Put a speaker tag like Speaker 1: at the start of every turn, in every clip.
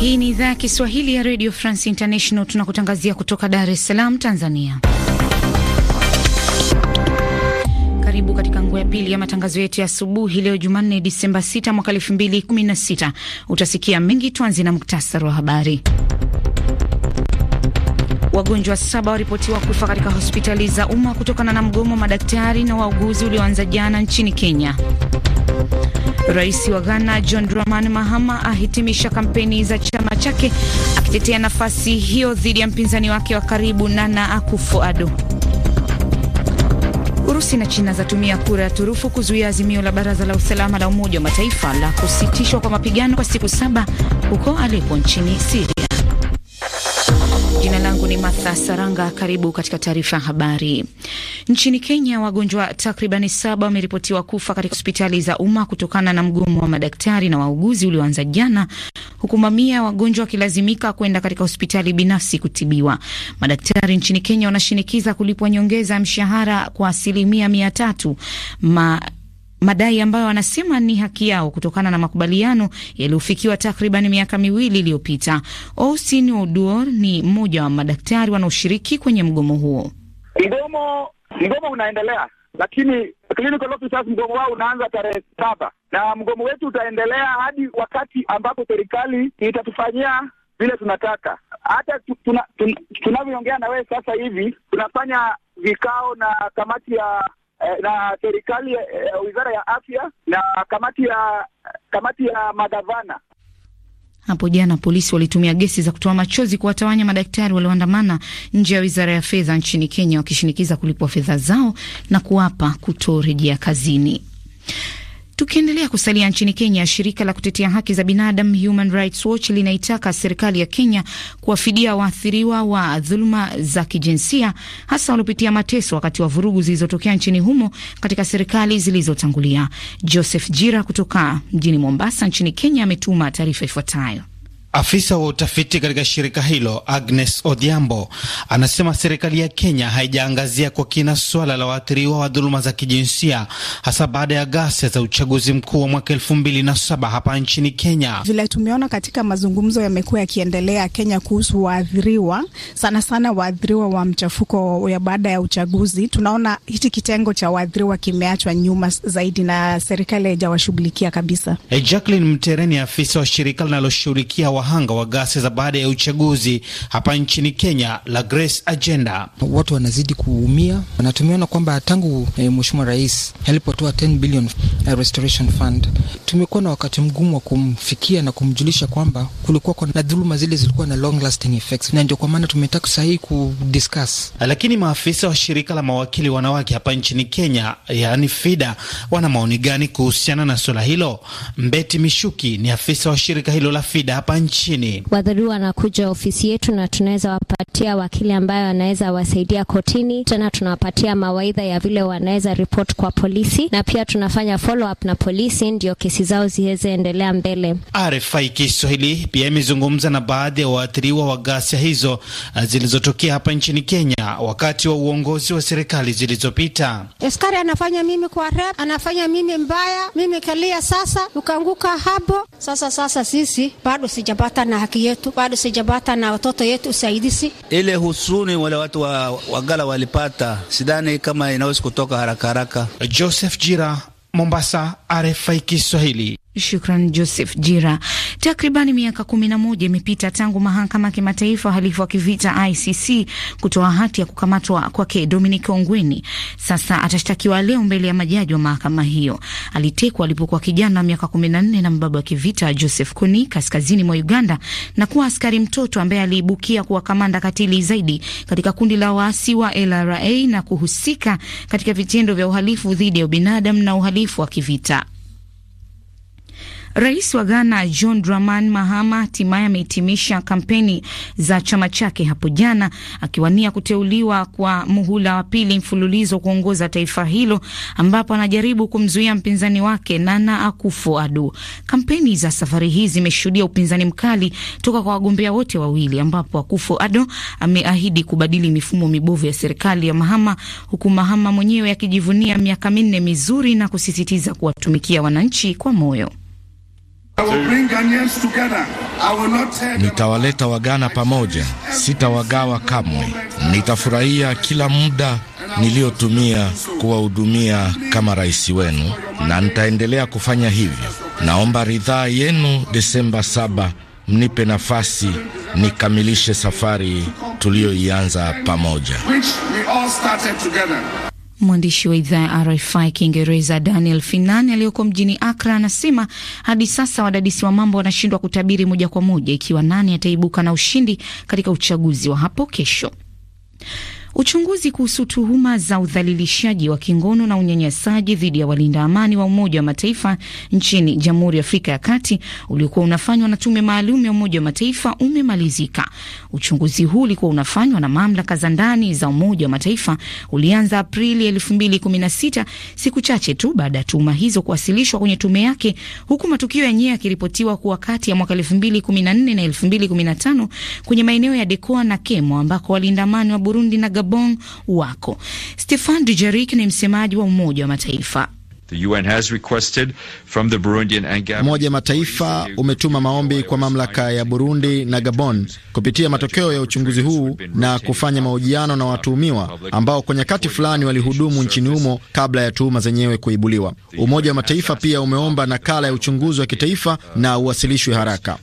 Speaker 1: Hii ni idhaa ya Kiswahili ya Radio France International, tunakutangazia kutoka Dar es Salaam, Tanzania. Karibu katika nguo ya pili ya matangazo yetu ya asubuhi leo Jumanne, Disemba 6 mwaka 2016. Utasikia mengi, tuanze na muktasari wa habari. Wagonjwa saba waripotiwa kufa katika hospitali za umma kutokana na mgomo wa madaktari na wauguzi ulioanza jana nchini Kenya. Rais wa Ghana John Dramani Mahama ahitimisha kampeni za chama chake akitetea nafasi hiyo dhidi ya mpinzani wake wa karibu Nana Akufo-Addo. Urusi na China zatumia kura ya turufu kuzuia azimio la Baraza la Usalama la Umoja wa Mataifa la kusitishwa kwa mapigano kwa siku saba huko Aleppo nchini Syria. Jina langu ni Martha Saranga. Karibu katika taarifa ya habari. Nchini Kenya, wagonjwa takribani saba wameripotiwa kufa katika hospitali za umma kutokana na mgomo wa madaktari na wauguzi ulioanza jana, huku mamia wagonjwa wakilazimika kwenda katika hospitali binafsi kutibiwa. Madaktari nchini Kenya wanashinikiza kulipwa nyongeza ya mshahara kwa asilimia mia tatu ma madai ambayo wanasema ni haki yao kutokana na makubaliano yaliyofikiwa takriban miaka miwili iliyopita. Austin Oduor ni mmoja wa madaktari wanaoshiriki kwenye mgomo huo.
Speaker 2: Mgomo mgomo unaendelea, lakini clinical officers mgomo wao unaanza tarehe saba na mgomo wetu utaendelea hadi wakati ambapo serikali itatufanyia vile tunataka. Hata tunavyoongea tuna, tuna, tuna na wewe sasa hivi tunafanya vikao na kamati ya Eh, na serikali, eh, eh, wizara ya afya na kamati ya kamati ya magavana.
Speaker 1: Hapo jana polisi walitumia gesi za kutoa machozi kuwatawanya madaktari walioandamana nje ya wizara ya fedha nchini Kenya wakishinikiza kulipwa fedha zao na kuwapa kutorejea kazini. Tukiendelea kusalia nchini Kenya, shirika la kutetea haki za binadamu Human Rights Watch linaitaka serikali ya Kenya kuwafidia waathiriwa wa dhuluma za kijinsia, hasa waliopitia mateso wakati wa vurugu zilizotokea nchini humo katika serikali zilizotangulia. Joseph Jira kutoka mjini Mombasa nchini Kenya ametuma taarifa ifuatayo.
Speaker 3: Afisa wa utafiti katika shirika hilo Agnes Odhiambo anasema serikali ya Kenya haijaangazia kwa kina swala la waathiriwa wa dhuluma za kijinsia hasa baada ya ghasia za uchaguzi mkuu wa mwaka elfu mbili na saba hapa nchini Kenya. Vile
Speaker 1: tumeona katika mazungumzo yamekuwa yakiendelea Kenya kuhusu waathiriwa, sana sana waathiriwa wa mchafuko ya baada ya uchaguzi, tunaona hichi kitengo cha waathiriwa kimeachwa nyuma zaidi na serikali haijawashughulikia kabisa.
Speaker 3: Hey, eh, Jacqueline Mtereni, afisa wa shirika linaloshughulikia wahanga wa ghasia za baada ya uchaguzi hapa nchini Kenya la Grace Agenda. Watu wanazidi kuumia na tumeona kwamba tangu eh, mheshimiwa rais alipotoa 10 billion eh, restoration fund, tumekuwa na wakati mgumu wa kumfikia na kumjulisha kwamba kulikuwa kwa na dhuluma zile zilikuwa na long lasting effects, na ndio kwa maana tumetaka sahihi kudiscuss. Lakini maafisa wa shirika la mawakili wanawake hapa nchini Kenya, yani FIDA, wana maoni gani kuhusiana na swala hilo? Mbeti Mishuki ni afisa wa shirika hilo la FIDA hapa nchini.
Speaker 4: Wadhuru wanakuja ofisi yetu na tunaweza wapatia wakili ambayo wanaweza wasaidia kotini, tena tunawapatia mawaidha ya vile wanaweza ripoti kwa polisi, na pia tunafanya follow up na polisi ndio kesi zao ziweze endelea mbele.
Speaker 3: RFI Kiswahili pia imezungumza na baadhi ya waathiriwa wa ghasia hizo uh, zilizotokea hapa nchini Kenya wakati wa uongozi wa serikali zilizopita.
Speaker 1: Askari anafanya mimi kwa rep, anafanya mimi mbaya, mimi kalia sasa, ukaanguka hapo sasa. Sasa sisi bado sija sijapata na haki yetu, bado sijapata na watoto yetu usaidizi.
Speaker 2: Ile husuni wale watu wa wagala walipata, sidhani kama inaweza kutoka haraka
Speaker 3: haraka. Joseph Jira, Mombasa, RFI Kiswahili.
Speaker 1: Shukran Joseph Jira. Takribani miaka kumi na moja imepita tangu mahakama ya kimataifa uhalifu wa kivita ICC kutoa hati ya kukamatwa kwake Dominic Ongwen. Sasa atashtakiwa leo mbele ya majaji wa mahakama hiyo. Alitekwa alipokuwa kijana wa miaka kumi na nne na mbaba wa kivita Joseph Kony kaskazini mwa Uganda na kuwa askari mtoto ambaye aliibukia kuwa kamanda katili zaidi katika kundi la waasi wa LRA na kuhusika katika vitendo vya uhalifu dhidi ya ubinadamu na uhalifu wa kivita. Rais wa Ghana John Dramani Mahama hatimaye amehitimisha kampeni za chama chake hapo jana, akiwania kuteuliwa kwa muhula wa pili mfululizo kuongoza taifa hilo, ambapo anajaribu kumzuia mpinzani wake Nana Akufo-Addo. Kampeni za safari hii zimeshuhudia upinzani mkali toka kwa wagombea wote wawili, ambapo Akufo-Addo ameahidi kubadili mifumo mibovu ya serikali ya Mahama, huku Mahama mwenyewe akijivunia miaka minne mizuri na kusisitiza kuwatumikia wananchi kwa moyo.
Speaker 5: Nitawaleta Wagana pamoja, sitawagawa kamwe. Nitafurahia kila muda niliyotumia kuwahudumia kama rais wenu, na nitaendelea kufanya hivyo. Naomba ridhaa yenu Desemba saba, mnipe nafasi nikamilishe safari tuliyoianza pamoja.
Speaker 1: Mwandishi wa idhaa ya RFI Kiingereza Daniel Finan aliyoko mjini Akra anasema hadi sasa wadadisi wa mambo wanashindwa kutabiri moja kwa moja ikiwa nani ataibuka na ushindi katika uchaguzi wa hapo kesho. Uchunguzi kuhusu tuhuma za udhalilishaji wa kingono na unyanyasaji dhidi ya walinda amani wa Umoja wa Mataifa nchini Jamhuri ya Afrika ya Kati uliokuwa unafanywa na tume maalum ya Umoja wa Mataifa umemalizika. Uchunguzi huu ulikuwa unafanywa na mamlaka za ndani za Umoja wa Mataifa, ulianza Aprili 2016 siku chache tu baada ya tuhuma hizo kuwasilishwa kwenye tume yake, huku matukio yenyewe yakiripotiwa kuwa kati ya mwaka 2014 na 2015 kwenye maeneo ya Dekoa na Kemo ambako walinda amani wa Burundi na Gabon Gabon wako. Stefan Dujarik ni msemaji wa Umoja wa Mataifa.
Speaker 6: Umoja Mataifa umetuma maombi kwa mamlaka ya Burundi na Gabon kupitia matokeo ya uchunguzi huu na kufanya mahojiano na watuhumiwa ambao kwa nyakati fulani walihudumu nchini humo kabla ya tuhuma zenyewe kuibuliwa. Umoja wa Mataifa pia umeomba nakala ya uchunguzi wa kitaifa na uwasilishwe haraka.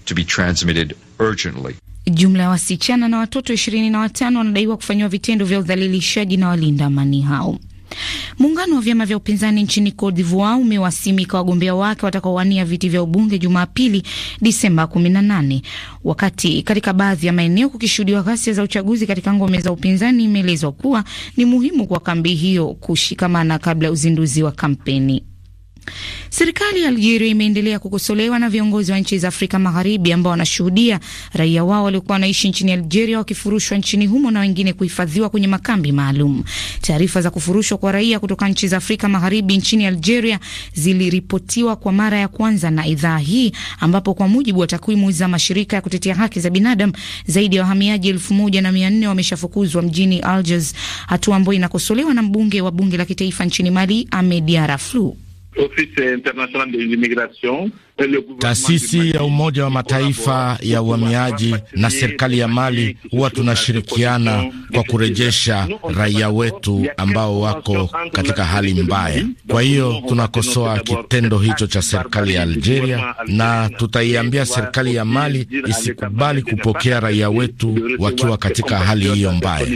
Speaker 1: Jumla ya wasichana na watoto ishirini na watano wanadaiwa kufanyiwa vitendo vya udhalilishaji na walinda amani hao. Muungano wa vyama vya upinzani nchini Cote d'Ivoire umewasimika wagombea wake watakaowania viti vya ubunge Jumapili, Disemba 18, wakati katika baadhi ya maeneo kukishuhudiwa ghasia za uchaguzi katika ngome za upinzani. Imeelezwa kuwa ni muhimu kwa kambi hiyo kushikamana kabla ya uzinduzi wa kampeni. Serikali ya Algeria imeendelea kukosolewa na viongozi wa nchi za Afrika Magharibi ambao wanashuhudia raia wao waliokuwa wanaishi nchini Algeria wakifurushwa nchini humo na wengine kuhifadhiwa kwenye makambi maalum. Taarifa za kufurushwa kwa raia kutoka nchi za Afrika Magharibi nchini Algeria ziliripotiwa kwa mara ya kwanza na idhaa hii, ambapo kwa mujibu wa takwimu za mashirika ya kutetea haki za binadamu zaidi ya wahamiaji elfu moja na mia nne wameshafukuzwa mjini Algiers, hatua ambayo inakosolewa na mbunge wa bunge la kitaifa nchini Mali Ahmed
Speaker 5: Taasisi ya Umoja wa Mataifa ya uhamiaji na serikali ya Mali huwa tunashirikiana kwa kurejesha raia wetu ambao wako katika hali mbaya. Kwa hiyo tunakosoa kitendo hicho cha serikali ya Algeria na tutaiambia serikali ya Mali isikubali kupokea raia wetu wakiwa katika hali hiyo mbaya.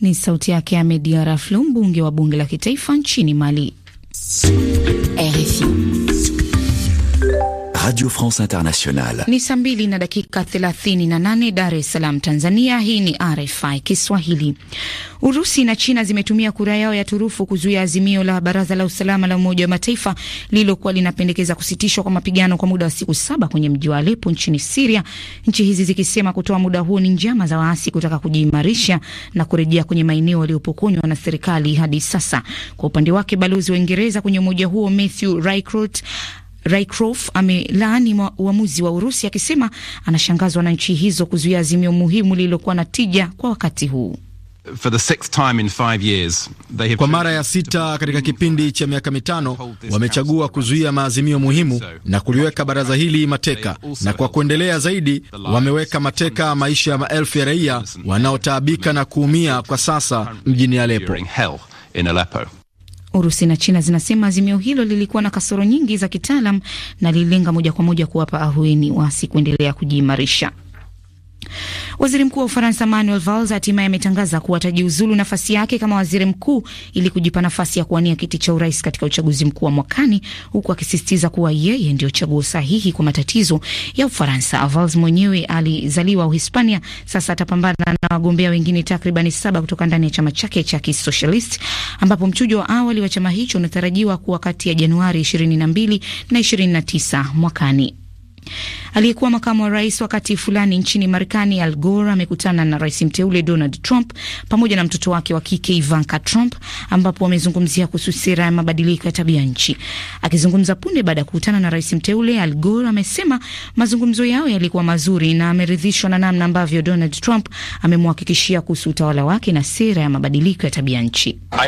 Speaker 1: Ni sauti yake Amedi Diarra mbunge wa bunge la kitaifa nchini Mali. RFI.
Speaker 2: Radio France Internationale.
Speaker 1: Ni saa mbili na dakika 38 na Dar es Salaam, Tanzania. Hii ni RFI Kiswahili. Urusi na China zimetumia kura yao ya turufu kuzuia azimio la Baraza la Usalama la Umoja wa Mataifa lililokuwa linapendekeza kusitishwa kwa mapigano kwa muda wa siku saba kwenye mji wa Aleppo nchini Syria, nchi hizi zikisema kutoa muda huo ni njama za waasi kutaka kujiimarisha na kurejea kwenye maeneo waliopokonywa na serikali hadi sasa. Kwa upande wake, balozi wa Uingereza kwenye umoja huo Matthew Rycroft Rycroft amelaani uamuzi wa Urusi akisema anashangazwa na nchi hizo kuzuia azimio muhimu lililokuwa na tija kwa wakati huu.
Speaker 3: For the sixth time in five years, they have... kwa mara
Speaker 6: ya sita katika kipindi cha miaka mitano wamechagua kuzuia maazimio muhimu na kuliweka baraza hili mateka, na kwa kuendelea zaidi, wameweka mateka maisha ya maelfu ya raia wanaotaabika na kuumia kwa sasa mjini Aleppo.
Speaker 1: Urusi na China zinasema azimio hilo lilikuwa na kasoro nyingi za kitaalam na lililenga moja kwa moja kuwapa ahueni waasi kuendelea kujiimarisha. Waziri mkuu wa Ufaransa Manuel Valls hatimaye ametangaza kuwa atajiuzulu nafasi yake kama waziri mkuu ili kujipa nafasi ya kuwania kiti cha urais katika uchaguzi mkuu wa mwakani, huku akisisitiza kuwa yeye ndio chaguo sahihi kwa matatizo ya Ufaransa. Valls mwenyewe alizaliwa Uhispania. Sasa atapambana na wagombea wengine takriban saba kutoka ndani ya chama chake cha Kisocialist, ambapo mchujo wa awali wa chama hicho unatarajiwa kuwa kati ya Januari 22 na 29 mwakani. Aliyekuwa makamu wa rais wakati fulani nchini Marekani, Al Gore amekutana na rais mteule Donald Trump pamoja na mtoto wake wa kike Ivanka Trump, ambapo wamezungumzia kuhusu sera ya mabadiliko ya tabia nchi. Akizungumza punde baada ya kukutana na rais mteule, Al Gore amesema mazungumzo yao yalikuwa mazuri na ameridhishwa na namna ambavyo Donald Trump amemhakikishia kuhusu utawala wake na sera ya mabadiliko ya tabia nchi. Uh,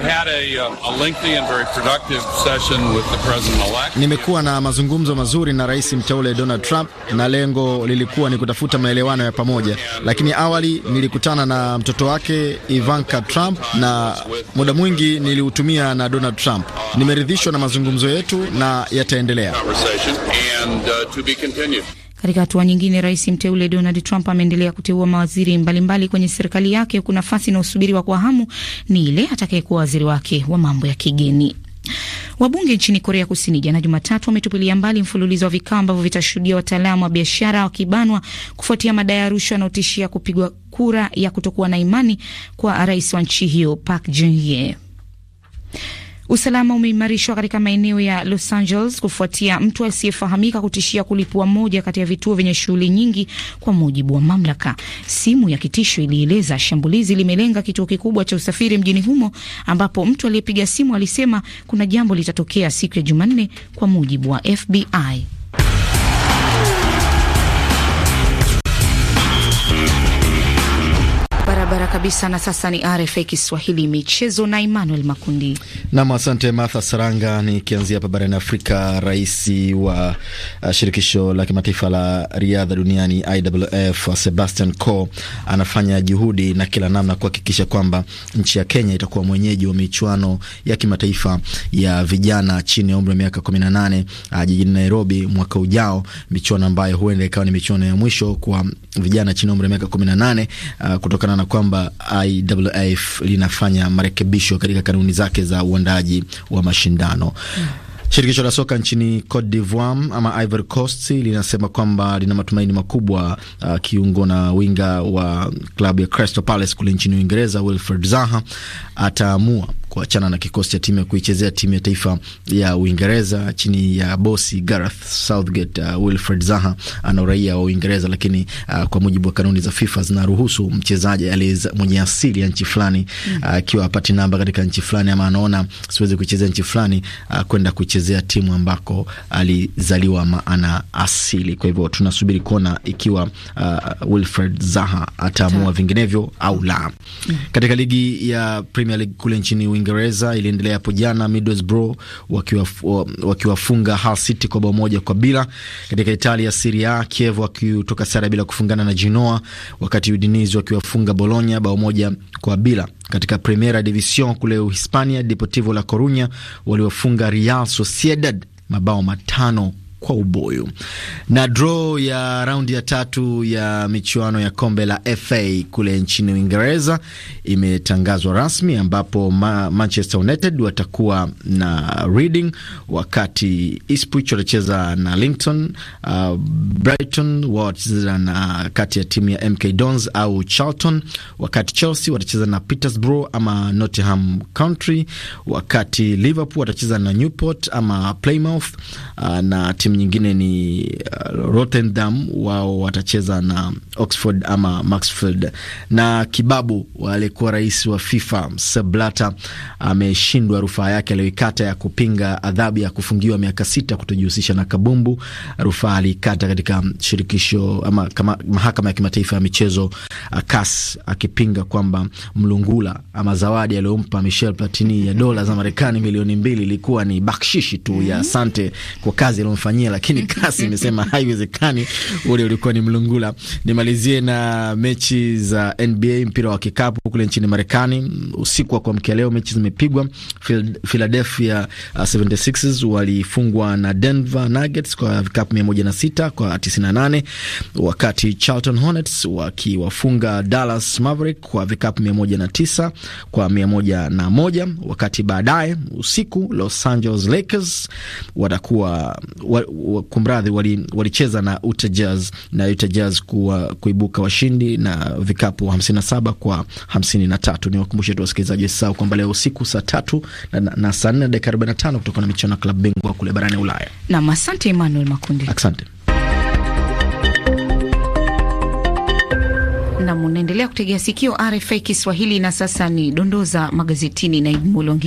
Speaker 1: Nimekuwa na mazungumzo mazuri
Speaker 6: na rais mteule Donald Trump na lengo lilikuwa ni kutafuta maelewano ya pamoja, lakini awali nilikutana na mtoto wake Ivanka Trump na muda mwingi niliutumia na Donald Trump. Nimeridhishwa na mazungumzo yetu na yataendelea.
Speaker 3: Uh,
Speaker 1: Katika hatua nyingine, rais mteule Donald Trump ameendelea kuteua mawaziri mbalimbali mbali kwenye serikali yake, huku nafasi na usubiri kwa hamu ni ile atakayekuwa waziri wake wa mambo ya kigeni. Wabunge nchini Korea Kusini jana Jumatatu wametupilia mbali mfululizo wa vikao ambavyo vitashuhudia wataalamu wa biashara wakibanwa kufuatia madai ya rushwa yanayotishia kupigwa kura ya kutokuwa na imani kwa rais wa nchi hiyo Park Geun-hye. Usalama umeimarishwa katika maeneo ya Los Angeles kufuatia mtu asiyefahamika kutishia kulipua moja kati ya vituo vyenye shughuli nyingi, kwa mujibu wa mamlaka. Simu ya kitisho ilieleza shambulizi limelenga kituo kikubwa cha usafiri mjini humo, ambapo mtu aliyepiga simu alisema kuna jambo litatokea siku ya Jumanne, kwa mujibu wa FBI. kabisa. Na sasa ni RFA Kiswahili michezo na Emmanuel Makundi.
Speaker 6: Nam, asante Martha Saranga. Nikianzia hapa barani Afrika, rais wa uh, shirikisho la kimataifa la riadha duniani IWF Sebastian Coe anafanya juhudi na kila namna kuhakikisha kwamba nchi ya Kenya itakuwa mwenyeji wa michuano ya kimataifa ya vijana chini ya umri wa miaka 18 uh, jijini Nairobi mwaka ujao, michuano ambayo huenda ikawa ni michuano ya mwisho kwa vijana chini ya umri wa miaka 18 uh, kutokana na kwamba IAAF linafanya marekebisho katika kanuni zake za uandaji wa mashindano mm. Shirikisho la soka nchini Cote d'Ivoire ama Ivory Coast linasema kwamba lina matumaini makubwa uh, kiungo na winga wa klabu ya Crystal Palace kule nchini Uingereza Wilfred Zaha ataamua kuachana na kikosi cha timu ya kuichezea timu ya taifa ya Uingereza chini ya bosi Gareth Southgate. Uh, Wilfred Zaha ana uraia wa Uingereza, lakini uh, kwa mujibu wa kanuni za FIFA zinaruhusu mchezaji aliyeza mwenye asili ya nchi fulani akiwa mm. uh, apati namba katika nchi fulani ama anaona siwezi kuichezea nchi fulani uh, kwenda kuichezea timu ambako alizaliwa ama ana asili. Kwa hivyo tunasubiri kuona ikiwa uh, Wilfred Zaha ataamua vinginevyo au la. mm. Katika ligi ya Premier League kule nchini Uingereza iliendelea hapo jana, Middlesbrough wakiwafunga Hull City kwa bao moja kwa bila. Katika Italia Serie A, Kiev wakitoka sare bila kufungana na Genoa, wakati Udinese wakiwafunga Bologna bao moja kwa bila. Katika Primera Division kule Uhispania, Deportivo La Corunya waliwafunga Real Sociedad mabao matano kwa ubuyu. Na draw ya raundi ya tatu ya michuano ya kombe la FA kule nchini Uingereza imetangazwa rasmi, ambapo Ma Manchester United watakuwa na Reading, wakati Ipswich watacheza na Lincoln. Uh, Brighton wao watacheza na kati ya timu ya MK Dons au Charlton, wakati Chelsea watacheza na Peterborough ama Nottingham County, wakati Liverpool watacheza na Newport ama Plymouth, uh, na timu timu nyingine ni uh, Rotterdam wao watacheza na Oxford ama Maxfield. Na kibabu aliyekuwa rais wa FIFA Sepp Blatter ameshindwa rufaa yake aliyoikata ya kupinga adhabu ya kufungiwa miaka sita kutojihusisha na kabumbu. Rufaa aliikata katika shirikisho ama kama, mahakama ya kimataifa ya michezo uh, CAS akipinga kwamba mlungula ama zawadi aliyompa Michel Platini ya dola za Marekani milioni mbili ilikuwa ni bakshishi tu ya mhm. asante kwa kazi aliyomfanyia Tanzania, lakini kasi imesema haiwezekani. Ule ulikuwa ni mlungula. Nimalizie na mechi za NBA, mpira wa kikapu kule nchini Marekani. Usiku wa kuamkia leo mechi zimepigwa. Philadelphia 76ers uh, walifungwa na Denver Nuggets kwa vikapu 106 kwa 98, wakati Charlton Hornets wakiwafunga Dallas Maverick kwa vikapu 109 kwa 101, wakati baadaye usiku Los Angeles Lakers watakuwa kumradhi, walicheza wali na Utah Jazz na Utah Jazz kuwa, kuibuka washindi na vikapu 57 kwa 53. Ni wakumbushe tu wasikilizaji wasisahau kwamba leo usiku saa tatu na, na saa 4 dakika 45 kutoka na michuano ya klabu bingwa kule barani Ulaya.
Speaker 1: Nam, asante Emmanuel Makundi, asante. na munaendelea kutegea sikio RFI Kiswahili, na sasa ni dondoo za magazetini na Ibmolo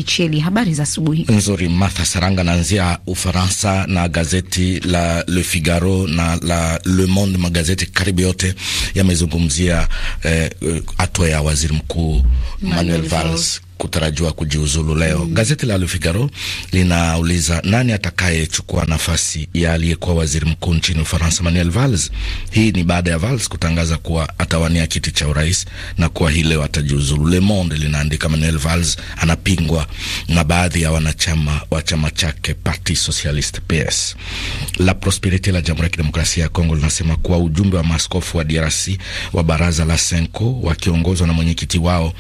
Speaker 1: Habari za asubuhi
Speaker 5: nzuri, Martha Saranga. Naanzia Ufaransa na gazeti la Le Figaro na la Le Monde, magazeti karibu yote yamezungumzia eh, eh, hatua eh, ya waziri mkuu Manuel Valls kutarajiwa kujiuzulu leo. Mm. Gazeti la Le Figaro linauliza nani atakayechukua nafasi ya aliyekuwa waziri mkuu nchini Ufaransa Manuel Valls. Hii ni baada ya Valls kutangaza kuwa atawania kiti cha urais na kuwa hii leo atajiuzulu. Le Monde linaandika Manuel Valls anapingwa na baadhi ya wanachama wa chama chake Parti Socialiste PS. La Prosperite la Jamhuri ya Kidemokrasia ya Kongo linasema kuwa ujumbe wa maskofu wa DRC wa baraza la Senko wakiongozwa na mwenyekiti wao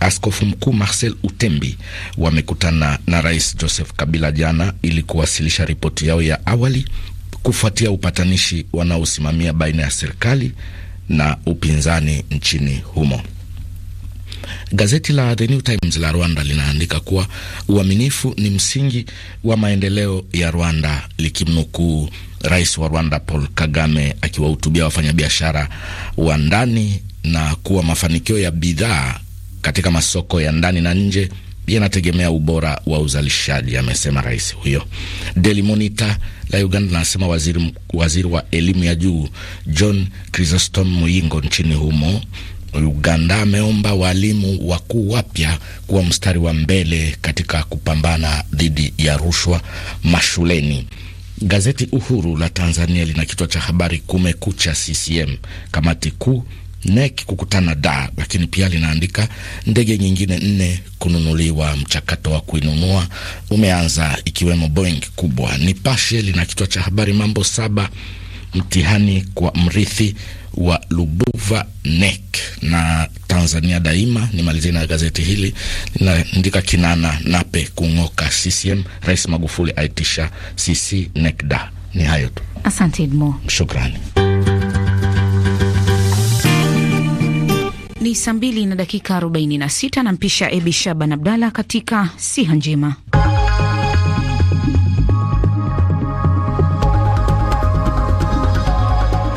Speaker 5: Askofu Mkuu Marcel Utembi wamekutana na Rais Joseph Kabila jana ili kuwasilisha ripoti yao ya awali kufuatia upatanishi wanaosimamia baina ya serikali na upinzani nchini humo. Gazeti la The New Times la Rwanda linaandika kuwa uaminifu ni msingi wa maendeleo ya Rwanda, likimnukuu rais wa Rwanda Paul Kagame akiwahutubia wafanyabiashara wa ndani na kuwa mafanikio ya bidhaa katika masoko ya ndani na nje yanategemea ubora wa uzalishaji, amesema rais huyo. Daily Monitor la Uganda anasema waziri, waziri wa elimu ya juu John Chrysostom Muyingo nchini humo Uganda ameomba waalimu wakuu wapya kuwa mstari wa mbele katika kupambana dhidi ya rushwa mashuleni. Gazeti Uhuru la Tanzania lina kichwa cha habari Kumekucha CCM, kamati kuu NEC kukutana da, lakini pia linaandika ndege nyingine nne kununuliwa. Mchakato wa kuinunua umeanza ikiwemo Boeing kubwa. Nipashe lina kichwa cha habari mambo saba mtihani kwa mrithi wa Lubuva NEC na Tanzania Daima. Nimalizia na gazeti hili linaandika Kinana Nape kung'oka CCM, Rais Magufuli aitisha CC NEC da. Ni hayo tu,
Speaker 1: asante Edmo, shukrani. Ni saa mbili na dakika 46. Nampisha Ebi Shaban Abdalla katika Siha Njema.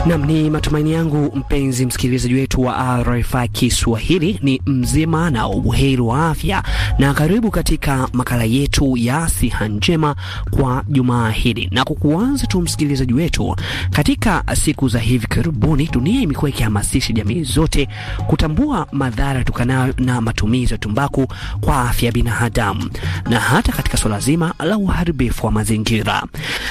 Speaker 4: Nam, ni matumaini yangu mpenzi msikilizaji wetu wa RFI Kiswahili ni mzima na ubuheri wa afya, na karibu katika makala yetu ya siha njema kwa jumaa hili. Na kukuanza tu, msikilizaji wetu, katika siku za hivi karibuni, dunia imekuwa ikihamasisha jamii zote kutambua madhara tukanayo na matumizi ya tumbaku kwa afya binadamu na hata katika swala zima la uharibifu wa mazingira.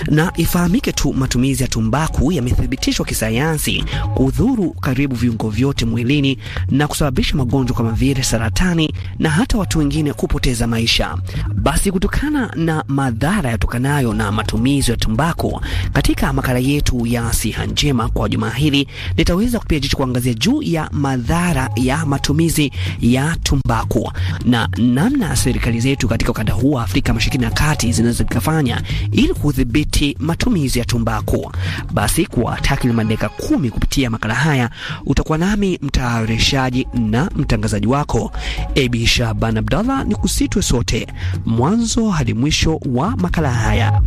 Speaker 4: Na ifahamike tu matumizi ya tumbaku yamethibitishwa kisayansi kudhuru karibu viungo vyote mwilini na kusababisha magonjwa kama vile saratani na hata watu wengine kupoteza maisha. Basi kutokana na madhara yatokanayo na matumizi ya tumbaku, katika makala yetu ya siha njema kwa juma hili nitaweza kupia jicho kuangazia juu ya madhara ya matumizi ya tumbaku na namna serikali zetu katika ukanda huu wa Afrika Mashariki na Kati zinaweza ili kudhibiti matumizi ya tumbaku. Basi kwa takriban dakika kumi kupitia makala haya. Utakuwa nami mtayarishaji na mtangazaji wako Abi Shaban Abdallah, ni kusitwe sote mwanzo hadi mwisho wa makala haya.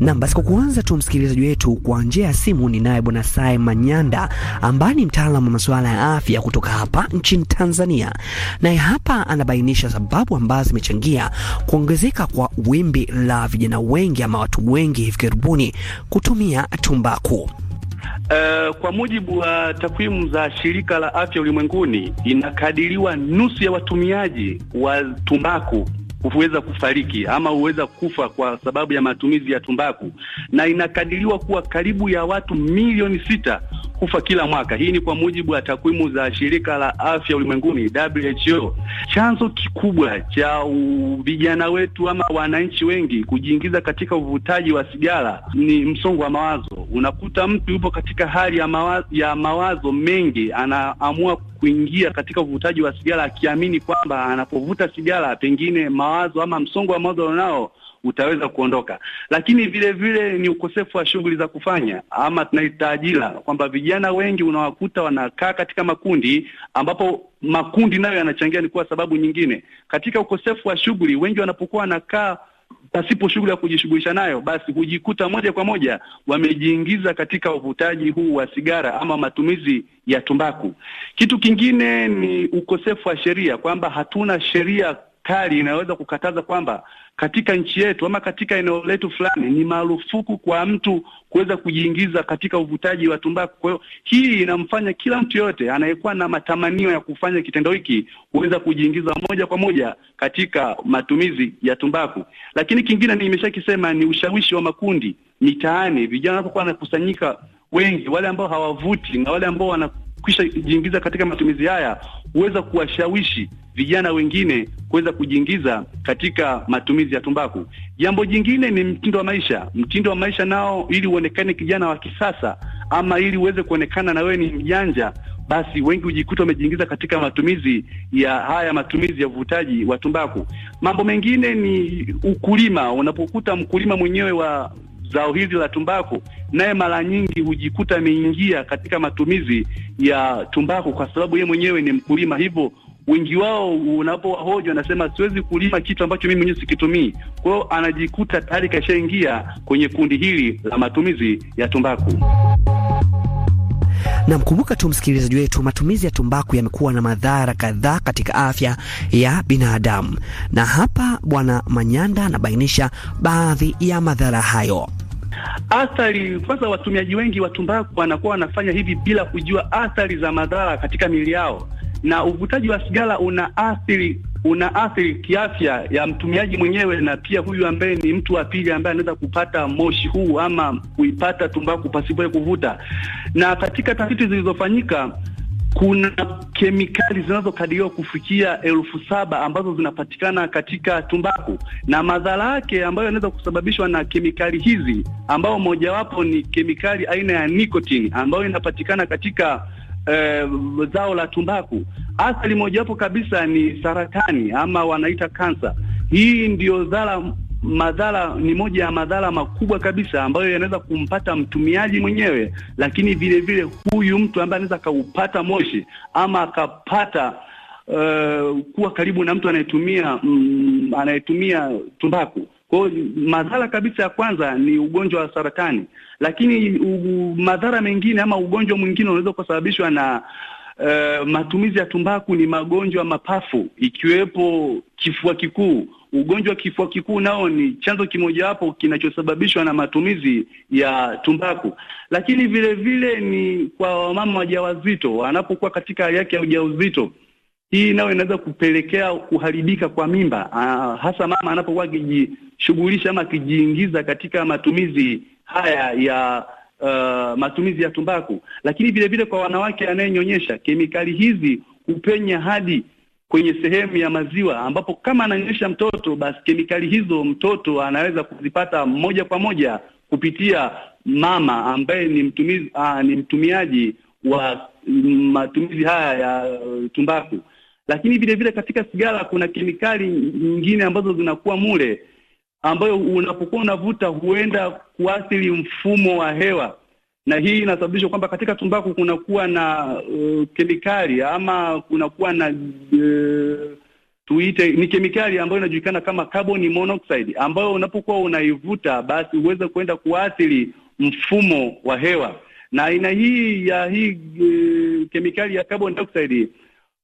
Speaker 4: Nam, basi kwa kuanza tu msikilizaji wetu kwa njia ya simu ni naye Bwana Sae Manyanda ambaye ni mtaalamu wa masuala ya afya kutoka hapa nchini Tanzania, naye hapa anabainisha sababu ambazo zimechangia kuongezeka kwa wimbi la vijana wengi ama watu wengi hivi karibuni kutumia tumbaku.
Speaker 2: Uh, kwa mujibu wa takwimu za shirika la afya ulimwenguni inakadiriwa nusu ya watumiaji wa tumbaku huweza kufariki ama huweza kufa kwa sababu ya matumizi ya tumbaku, na inakadiriwa kuwa karibu ya watu milioni sita kufa kila mwaka. Hii ni kwa mujibu wa takwimu za shirika la afya ulimwenguni WHO. Chanzo kikubwa cha vijana wetu ama wananchi wengi kujiingiza katika uvutaji wa sigara ni msongo wa mawazo. Unakuta mtu yupo katika hali ya mawazo, ya mawazo mengi, anaamua kuingia katika uvutaji wa sigara akiamini kwamba anapovuta sigara pengine mawazo ama msongo wa mawazo nao utaweza kuondoka. Lakini vile vile ni ukosefu wa shughuli za kufanya, ama tunaita ajira, kwamba vijana wengi unawakuta wanakaa katika makundi ambapo makundi nayo yanachangia, ni kuwa sababu nyingine katika ukosefu wa shughuli. Wengi wanapokuwa wanakaa pasipo shughuli ya kujishughulisha nayo, basi hujikuta moja kwa moja wamejiingiza katika uvutaji huu wa sigara ama matumizi ya tumbaku. Kitu kingine ni ukosefu wa sheria, kwamba hatuna sheria kali inayoweza kukataza kwamba katika nchi yetu ama katika eneo letu fulani, ni marufuku kwa mtu kuweza kujiingiza katika uvutaji wa tumbaku. Kwa hiyo hii inamfanya kila mtu yoyote anayekuwa na matamanio ya kufanya kitendo hiki huweza kujiingiza moja kwa moja katika matumizi ya tumbaku. Lakini kingine nimeshakisema ni ushawishi wa makundi mitaani, vijana wanapokuwa wanakusanyika wengi, wale ambao hawavuti na wale ambao wana kisha jiingiza katika matumizi haya huweza kuwashawishi vijana wengine kuweza kujiingiza katika matumizi ya tumbaku. Jambo jingine ni mtindo wa maisha. Mtindo wa maisha nao, ili uonekane kijana wa kisasa ama ili uweze kuonekana na wewe ni mjanja, basi wengi hujikuta wamejiingiza katika matumizi ya haya matumizi ya uvutaji wa tumbaku. Mambo mengine ni ukulima. Unapokuta mkulima mwenyewe wa zao hili la tumbaku, naye mara nyingi hujikuta ameingia katika matumizi ya tumbaku, kwa sababu yeye mwenyewe ni mkulima. Hivyo wengi wao unapowahoja, wanasema siwezi kulima kitu ambacho mimi mwenyewe sikitumii. Kwa hiyo anajikuta tayari kashaingia kwenye kundi hili la matumizi ya tumbaku.
Speaker 4: Na mkumbuka tu msikilizaji wetu, matumizi ya tumbaku yamekuwa na madhara kadhaa katika afya ya binadamu, na hapa Bwana Manyanda anabainisha baadhi ya madhara hayo.
Speaker 2: Athari kwanza, watumiaji wengi wa tumbaku wanakuwa wanafanya hivi bila kujua athari za madhara katika miili yao na uvutaji wa sigara una athiri kiafya ya mtumiaji mwenyewe na pia huyu ambaye ni mtu wa pili ambaye anaweza kupata moshi huu ama kuipata tumbaku pasipo kuvuta. Na katika tafiti zilizofanyika kuna kemikali zinazokadiriwa kufikia elfu saba ambazo zinapatikana katika tumbaku na madhara yake ambayo yanaweza kusababishwa na kemikali hizi, ambao mojawapo ni kemikali aina ya nikotini ambayo inapatikana katika eh, zao la tumbaku. Athari mojawapo kabisa ni saratani ama wanaita kansa. Hii ndio dhara madhara ni moja ya madhara makubwa kabisa ambayo yanaweza kumpata mtumiaji mwenyewe, lakini vile vile huyu mtu ambaye anaweza akaupata moshi ama akapata uh, kuwa karibu na mtu anayetumia mm, anayetumia tumbaku. Kwa hiyo madhara kabisa ya kwanza ni ugonjwa wa saratani, lakini u, madhara mengine ama ugonjwa mwingine unaweza kusababishwa na uh, matumizi ya tumbaku ni magonjwa mapafu ikiwepo kifua kikuu. Ugonjwa wa kifua kikuu nao ni chanzo kimojawapo kinachosababishwa na matumizi ya tumbaku, lakini vile vile ni kwa wamama wajawazito wanapokuwa katika hali yake ya ujauzito hii nayo inaweza kupelekea kuharibika kwa mimba. uh, hasa mama anapokuwa akijishughulisha ama akijiingiza katika matumizi haya ya uh, matumizi ya tumbaku, lakini vile vile kwa wanawake anayenyonyesha, kemikali hizi hupenya hadi kwenye sehemu ya maziwa ambapo kama ananyonyesha mtoto, basi kemikali hizo mtoto anaweza kuzipata moja kwa moja kupitia mama ambaye ni mtumizi, uh, ni mtumiaji wa matumizi haya ya uh, tumbaku. Lakini vile vile katika sigara kuna kemikali nyingine ambazo zinakuwa mule ambayo unapokuwa unavuta huenda kuathiri mfumo wa hewa, na hii inasababisha kwamba katika tumbaku kunakuwa na uh, kemikali ama kunakuwa na uh, tuite ni kemikali ambayo inajulikana kama carbon monoxide ambayo unapokuwa unaivuta basi huweza kuenda kuathiri mfumo wa hewa, na aina hii ya hii uh, kemikali ya carbon dioxide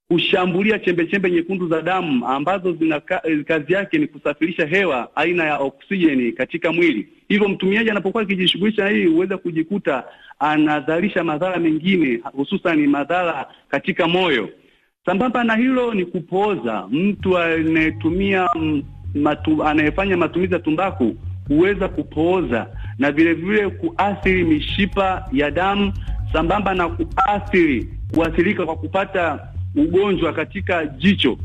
Speaker 2: kushambulia chembechembe nyekundu za damu ambazo zina eh, kazi yake ni kusafirisha hewa aina ya oksijeni katika mwili. Hivyo mtumiaji anapokuwa akijishughulisha na hii, huweza kujikuta anazalisha madhara mengine, hususan madhara katika moyo. Sambamba na hilo ni kupooza. Mtu anayetumia mm, matu, anayefanya matumizi ya tumbaku huweza kupooza na vilevile vile kuathiri mishipa ya damu, sambamba na kuathiri kuathirika kwa kupata ugonjwa katika jicho,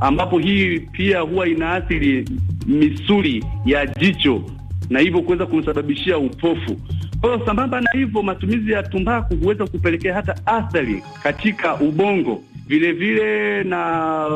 Speaker 2: ambapo hii pia huwa inaathiri misuli ya jicho na hivyo kuweza kumsababishia upofu. Kwa hiyo sambamba na hivyo, matumizi ya tumbaku huweza kupelekea hata athari katika ubongo vilevile vile na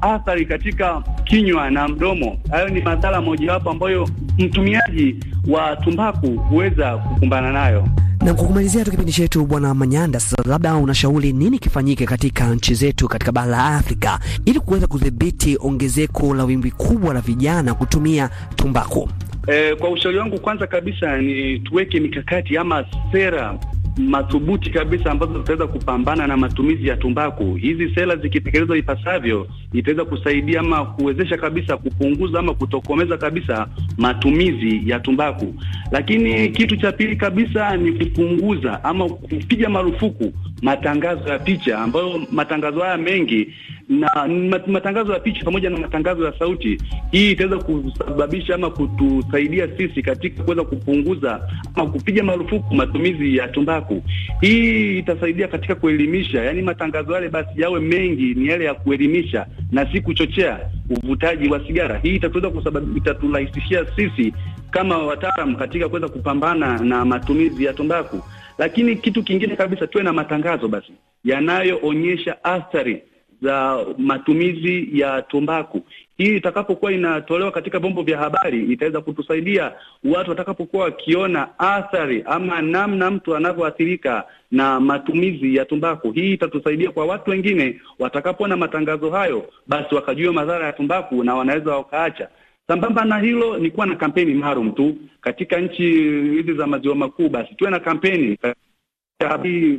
Speaker 2: athari katika kinywa na mdomo. Hayo ni madhara mojawapo ambayo mtumiaji wa tumbaku huweza
Speaker 4: kukumbana nayo. Na kwa kumalizia tu kipindi chetu, Bwana Manyanda, sasa labda unashauri nini kifanyike katika nchi zetu katika bara la Afrika ili kuweza kudhibiti ongezeko la wimbi kubwa la vijana kutumia tumbaku?
Speaker 2: E, kwa ushauri wangu kwanza kabisa ni tuweke mikakati ama sera madhubuti kabisa ambazo zitaweza kupambana na matumizi ya tumbaku. Hizi sera zikitekelezwa ipasavyo, itaweza kusaidia ama kuwezesha kabisa kupunguza ama kutokomeza kabisa matumizi ya tumbaku. Lakini kitu cha pili kabisa ni kupunguza ama kupiga marufuku matangazo ya picha, ambayo matangazo haya mengi na matangazo ya picha pamoja na matangazo ya sauti, hii itaweza kusababisha ama kutusaidia sisi katika kuweza kupunguza ama kupiga marufuku matumizi ya tumbaku. Hii itasaidia katika kuelimisha, yani matangazo yale basi yawe mengi ni yale ya kuelimisha na si kuchochea uvutaji wa sigara. Hii itatuweza kusababisha, itaturahisishia sisi kama wataalam katika kuweza kupambana na matumizi ya tumbaku. Lakini kitu kingine kabisa, tuwe na matangazo basi yanayoonyesha athari za matumizi ya tumbaku hii itakapokuwa inatolewa katika vyombo vya habari itaweza kutusaidia watu watakapokuwa wakiona athari ama namna mtu anavyoathirika na matumizi ya tumbaku. Hii itatusaidia kwa watu wengine watakapoona matangazo hayo, basi wakajua madhara ya tumbaku na wanaweza wakaacha. Sambamba na hilo ni kuwa na kampeni maalum tu katika nchi hizi za maziwa makuu, basi tuwe na kampeni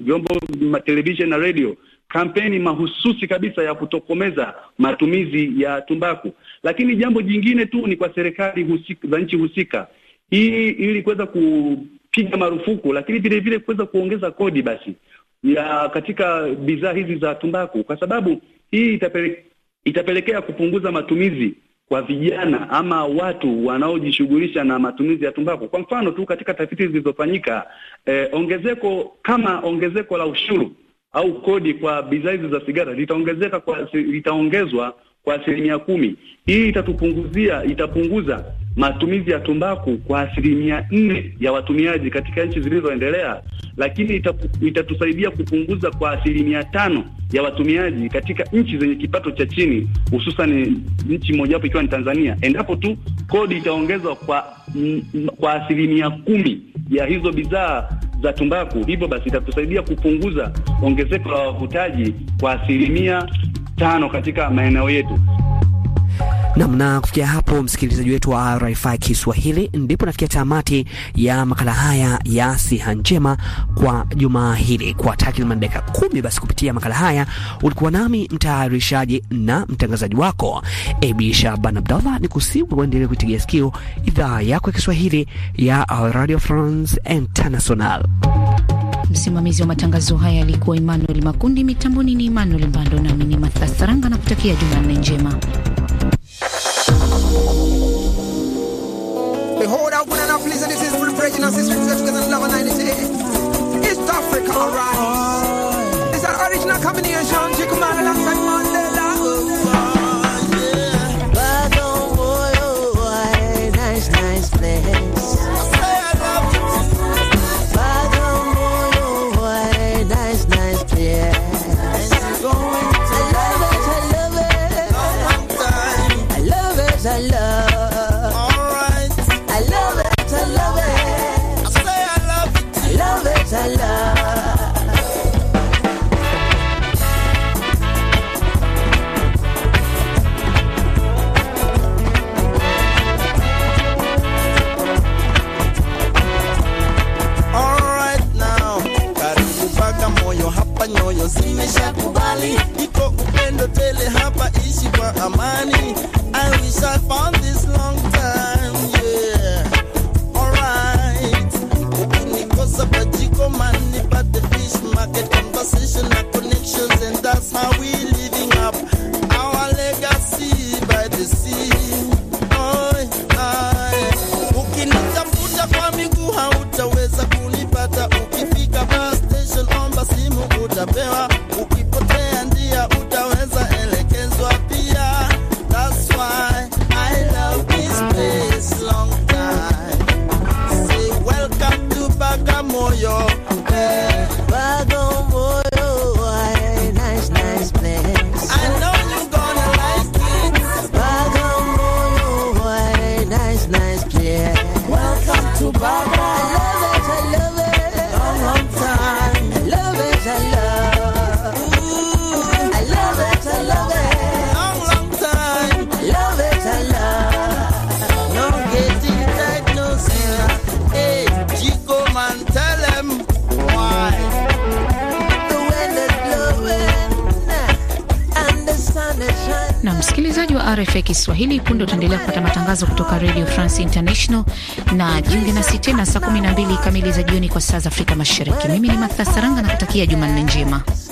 Speaker 2: vyombo, matelevishen na redio kampeni mahususi kabisa ya kutokomeza matumizi ya tumbaku. Lakini jambo jingine tu ni kwa serikali za nchi husika hii, ili kuweza kupiga marufuku, lakini vile vile kuweza kuongeza kodi basi ya katika bidhaa hizi za tumbaku, kwa sababu hii itapele, itapelekea kupunguza matumizi kwa vijana ama watu wanaojishughulisha na matumizi ya tumbaku. Kwa mfano tu katika tafiti zilizofanyika eh, ongezeko kama ongezeko la ushuru au kodi kwa bidhaa hizo za sigara litaongezeka kwa, litaongezwa kwa asilimia kumi. Hii itatupunguzia itapunguza matumizi ya tumbaku kwa asilimia nne ya watumiaji katika nchi zilizoendelea, lakini itatusaidia kupunguza kwa asilimia tano ya watumiaji katika nchi zenye kipato cha chini, hususan nchi mojawapo ikiwa ni Tanzania, endapo tu kodi itaongezwa kwa, kwa asilimia kumi ya hizo bidhaa za tumbaku. Hivyo basi itatusaidia kupunguza ongezeko la wavutaji kwa asilimia tano katika maeneo yetu.
Speaker 4: Nam na kufikia hapo, msikilizaji wetu wa RFI Kiswahili, ndipo nafikia tamati ya makala haya ya siha njema kwa jumaa hili kwa takriban dakika kumi. Basi kupitia makala haya ulikuwa nami mtayarishaji na mtangazaji wako Abi Shaban Abdallah, ni kusimu kuendelea kuitegea sikio idhaa yako ya Kiswahili ya Radio France International.
Speaker 1: Msimamizi wa matangazo haya alikuwa Emmanuel Makundi, mitamboni ni Emmanuel Mbando, nami ni Matha Saranga na kutakia Jumanne njema. puder. wa RFI Kiswahili. Punde utaendelea kupata matangazo kutoka Radio France International, na jiunge nasi tena saa 12 kamili za jioni kwa saa za Afrika Mashariki. Mimi ni matha Saranga na kutakia Jumanne njema.